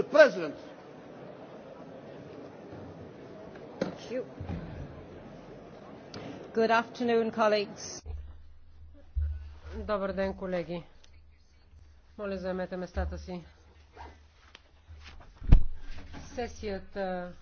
President. Е, Thank you. Good afternoon, colleagues. Добър ден, колеги. Моля, заемете местата си. Сесията